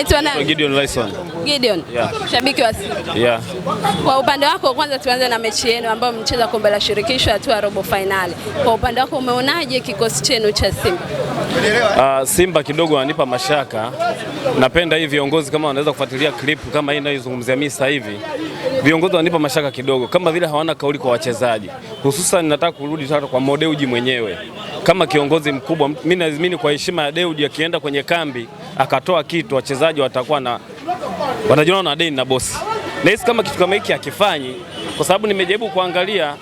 Unaitwa nani? Gideon Lyson. Gideon. Yeah. Shabiki wa Simba. Yeah. Kwa upande wako kwanza tuanze na mechi yenu ambayo mcheza kombe la shirikisho hatua robo finali. Kwa upande wako umeonaje kikosi chenu cha Simba? Uh, Simba kidogo wananipa mashaka. Napenda hii viongozi kama wanaweza kufuatilia clip kama hii inayozungumzia mimi sasa hivi, viongozi wananipa mashaka kidogo, kama vile hawana kauli kwa wachezaji, hususan nataka kurudi hata kwa modeuji mwenyewe kama kiongozi mkubwa. Mimi naamini kwa heshima ya Deuji akienda kwenye kambi akatoa kitu, wachezaji watakuwa na wanajiona na deni na bosi. Nahisi kama kitu kama hiki akifanyi kwa sababu nimejaribu kuangalia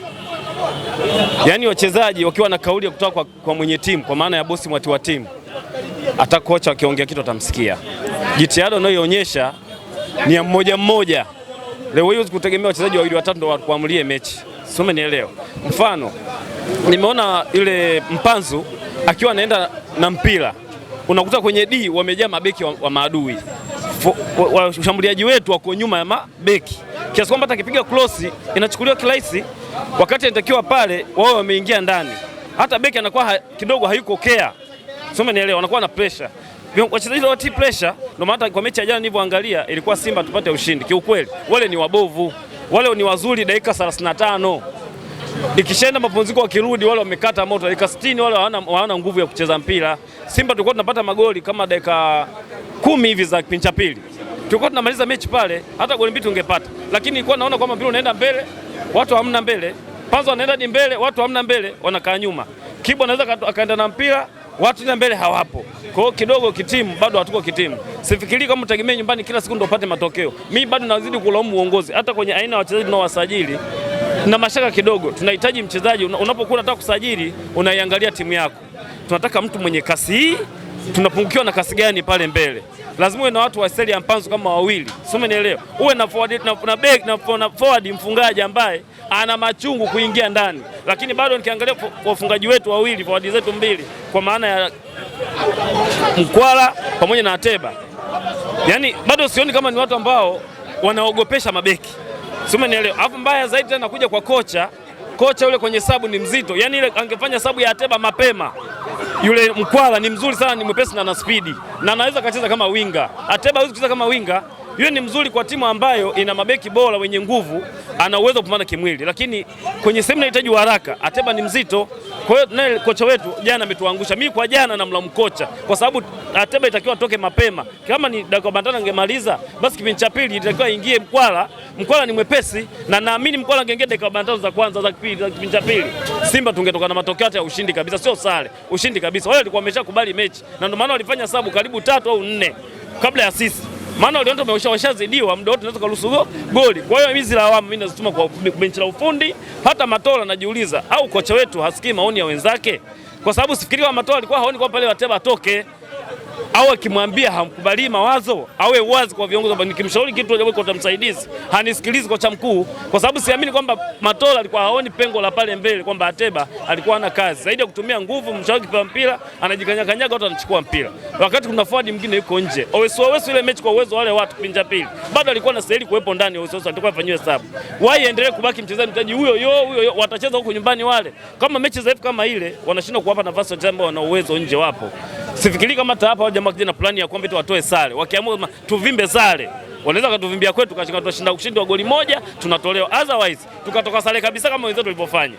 Yaani wachezaji wakiwa na kauli ya kutoka kwa, kwa mwenye timu kwa maana ya bosi mwati wa timu, hata kocha wakiongea kitu atamsikia. Jitihada unayoionyesha ni ya mmoja mmoja. Leo hii kutegemea wachezaji wawili watatu ndo wakuamulie mechi, sio umenielewa? Mfano, nimeona ile Mpanzu akiwa anaenda na mpira unakuta kwenye D wamejaa mabeki wa, wa maadui. Washambuliaji wetu wako nyuma ya mabeki kiasi kwamba atakipiga akipiga cross inachukuliwa kirahisi, wakati anatakiwa pale wao wameingia ndani, hata beki anakuwa ha, kidogo hayuko kea, sio umenielewa, anakuwa na pressure wachezaji wa team pressure. Ndio maana kwa mechi ya jana nilivyoangalia, ilikuwa Simba tupate ushindi. Kiukweli wale ni wabovu, wale ni wazuri dakika 35 ikishaenda mapumziko wakirudi wale wamekata moto dakika 60, wale hawana nguvu ya kucheza mpira. Simba tulikuwa tunapata magoli kama dakika kumi hivi za kipindi cha pili. Tulikuwa tunamaliza mechi pale, hata goli mbili tungepata, lakini nilikuwa naona kwamba mpira unaenda mbele, watu hamna mbele, Panzo anaenda ni mbele, watu hamna mbele, wanakaa nyuma. Kibu anaweza akaenda na mpira, watu ni mbele hawapo. Kwa hiyo kidogo kitimu bado hatuko kitimu. Sifikiri kama mtegemee nyumbani kila siku ndio upate matokeo. Mimi bado nazidi kulaumu uongozi, hata kwenye aina ya wachezaji tunaowasajili na mashaka kidogo. Tunahitaji mchezaji unapokuwa unataka kusajili, unaiangalia timu yako, tunataka mtu mwenye kasi hii tunapungukiwa na kasi gani pale mbele. Lazima uwe na watu wa seli ya mpanzo kama wawili, si umenielewa? Uwe na forward, na, na, back, na, na forward mfungaji ambaye ana machungu kuingia ndani, lakini bado nikiangalia wafungaji wetu wawili forward zetu mbili kwa maana ya Mkwala pamoja na Ateba, yaani bado sioni kama ni watu ambao wanaogopesha mabeki, si umenielewa? Alafu mbaya zaidi tena kuja kwa kocha, kocha yule kwenye sabu ni mzito, yaani ile angefanya sabu ya Ateba mapema yule Mkwala ni mzuri sana, ni mwepesi na na spidi na anaweza akacheza kama winga. Ateba hawezi kucheza kama winga. Yule ni mzuri kwa timu ambayo ina mabeki bora wenye nguvu, ana uwezo kupambana kimwili, lakini kwenye sehemu inahitaji haraka. Ateba ni mzito, kwa hiyo naye kocha wetu jana ametuangusha. Mimi kwa jana namlaumu kocha kwa sababu Ateba itakiwa atoke mapema. Kama ni dakika bandana angemaliza, basi kipindi cha pili itakiwa ingie Mkwala. Mkwala ni mwepesi na naamini Mkwala angeingia dakika bandana za kwanza za kipindi za kipindi cha pili. Simba tungetoka na matokeo hata ya ushindi kabisa, sio sare. Ushindi kabisa. Wao walikuwa wameshakubali mechi na ndio maana walifanya sabu karibu tatu au nne kabla ya sisi maana waliona washazidiwa muda wote, tunaweza kuruhusu goli. Kwa hiyo hizi lawama mimi nazituma kwa benchi la ufundi. Hata Matola najiuliza, au kocha wetu hasikii maoni ya wenzake? Kwa sababu sifikiri kama Matola alikuwa haoni kwa pale Wateba atoke au akimwambia hamkubali mawazo awe wazi kwa viongozi. kwamba Nikimshauri kitu kwa msaidizi hanisikilizi kocha mkuu, kwa sababu siamini kwamba Matola alikuwa haoni pengo la pale mbele kwamba Ateba alikuwa ana kazi zaidi ya kutumia nguvu. Mshauri kwa mpira anajikanyakanyaga, watu anachukua mpira, wakati kuna forward mwingine yuko nje. Owesu Owesu ile mechi kwa uwezo wale watu pinja pili bado alikuwa na anastahili kuwepo ndani. Owesu Owesu atakuwa afanyiwe hesabu, wai endelee kubaki mchezaji mtaji huyo yo huyo watacheza huko nyumbani wale. Kama mechi za kama ile wanashindwa kuwapa nafasi wachezaji ambao wana uwezo nje wapo sifikiri kama hata hapa jamaa kijana plani ya kwamba watoe sare, wakiamua tuvimbe sare wanaweza wakatuvimbia kwetu tukashinda ushindi wa goli moja tunatolewa, otherwise tukatoka sare kabisa kama wenzetu walivyofanya.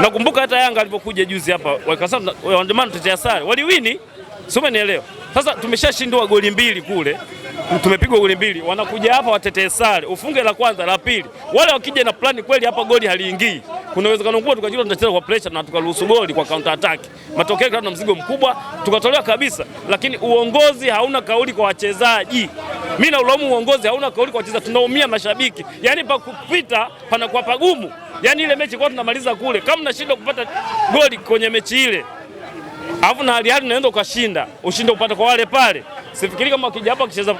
Nakumbuka hata Yanga alipokuja juzi hapa wakasema waandamana tutetea sare, waliwini, si umenielewa? Sasa tumeshashindwa goli mbili kule, tumepigwa goli mbili, wanakuja hapa watetee sare, ufunge la kwanza la pili. Wale wakija na plani kweli hapa goli haliingii kuna uwezekano mkubwa tukajikuta tunacheza kwa pressure na tukaruhusu goli kwa counter attack. Matokeo tuna mzigo mkubwa, tukatolewa kabisa, lakini uongozi hauna kauli kwa wachezaji. Mimi na ulaumu uongozi hauna kauli kwa wachezaji, tunaumia mashabiki. Yaani pa kupita panakuwa pagumu. Yaani ile mechi kwa tunamaliza kule, kama mnashindwa kupata goli kwenye mechi ile alafu na hali hali naenda ukashinda ushinde upate kwa wale pale. Sifikiri kama wakija hapa wakicheza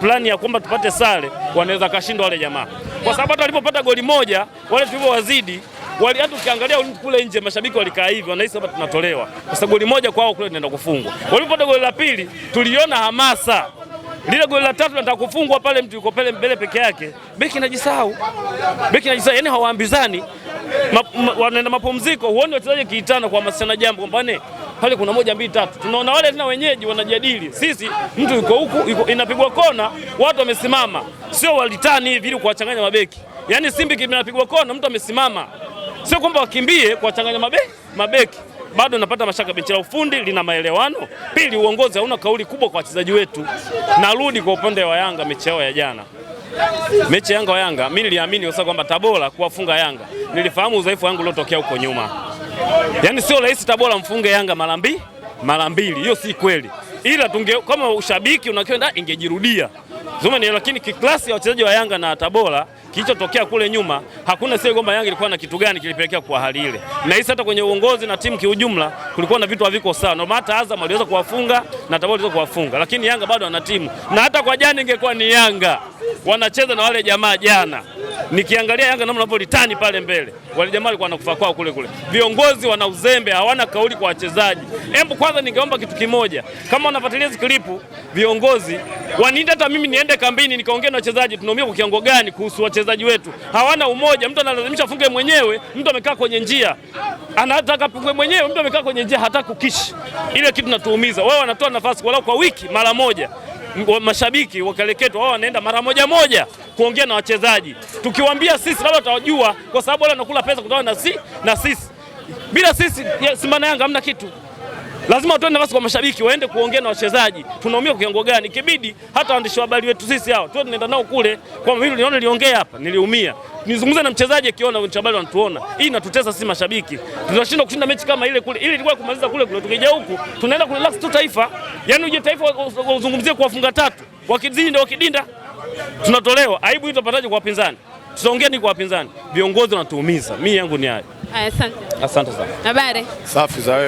plani ya kwamba tupate sare, wanaweza kashinda wale jamaa, kwa sababu hata walipopata goli moja wale tulivyowazidi wali hata ukiangalia kule nje mashabiki walikaa hivi, wanahisi hapa tunatolewa, kwa sababu goli moja kwao kule linaenda kufungwa. Walipopata goli la pili, tuliona hamasa lile goli la tatu linataka kufungwa pale, mtu yuko pale mbele peke yake, beki najisahau, beki najisahau, yani hawaambizani, wanaenda mapumziko. Huoni wachezaji kiitana kwa masana jambo kwamba pale kuna moja mbili tatu, tunaona wale tena wenyeji wanajadili, sisi mtu yuko huku, inapigwa kona, watu wamesimama, sio walitani hivi ili kuwachanganya mabeki. Yani simbi kinapigwa kona, mtu amesimama sio kwamba wakimbie kuwachanganya mabeki, mabeki bado napata mashaka. Benchi la ufundi lina maelewano. Pili, uongozi hauna kauli kubwa kwa wachezaji wetu. Narudi kwa upande wa Yanga, mechi yao ya jana, mechi ya Yanga wa Yanga, mimi niliamini sasa kwamba Tabora kuwafunga Yanga. Nilifahamu udhaifu wangu uliotokea huko nyuma, yaani sio rahisi Tabora mfunge Yanga mara mbili mara mbili, hiyo si kweli, ila tunge kama ushabiki unakwenda ingejirudia ni, lakini kiklasi ya wachezaji wa Yanga na Tabora kilichotokea kule nyuma, hakuna sehemu kwamba Yanga ilikuwa na kitu gani kilipelekea kwa hali ile. Na hisi hata kwenye uongozi na timu kiujumla kulikuwa na vitu haviko sawa, na hata Azam aliweza kuwafunga na Tabora aliweza kuwafunga, lakini Yanga bado ana timu, na hata kwa jana ingekuwa ni Yanga wanacheza na wale jamaa jana nikiangalia Yanga namna wanapolitani pale mbele, wale jamaa walikuwa wanakufa kwao kule kule. Viongozi wana uzembe, hawana kauli kwa wachezaji. Hebu kwanza, ningeomba kitu kimoja, kama wanafuatilia hizi klipu, viongozi waniita hata mimi niende kambini nikaongea na wachezaji, tunaumia kwa kiwango gani kuhusu wachezaji wetu. Hawana umoja, mtu analazimisha funge mwenyewe, mtu amekaa kwenye njia anataka pungue mwenyewe, mtu amekaa kwenye njia hata kukishi. Ile kitu natuumiza. Wao wanatoa nafasi walau kwa wiki mara moja mashabiki wakaleketwa, wao wanaenda mara moja moja kuongea na wachezaji. Tukiwaambia sisi labda tawajua, kwa sababu wale wanakula pesa kutoka na, si, na sisi bila sisi ya, Simba na Yanga hamna kitu. Lazima watoe nafasi kwa mashabiki waende kuongea na wachezaji. Tunaumia kiango gani? Kibidi hata waandishi wa habari wetu sisi hao tuwe tunaenda nao kule, kwa mimi niona niliongea hapa, niliumia nizungumze na mchezaji akiona waandishi habari wanatuona. Hii inatutesa sisi mashabiki, tunashindwa kushinda mechi kama ile kule. Ili ilikuwa kumaliza kule kule, tukija huku tunaenda kule kurelax tu taifa. Yaani uje taifa uzungumzie kuwafunga tatu, wakizinda wakidinda tunatolewa. Aibu hii tutapataje kwa wapinzani? Tutaongea ni kwa wapinzani, viongozi wanatuumiza. Mimi yangu ni hayo. Asante, asante sana. Habari safi za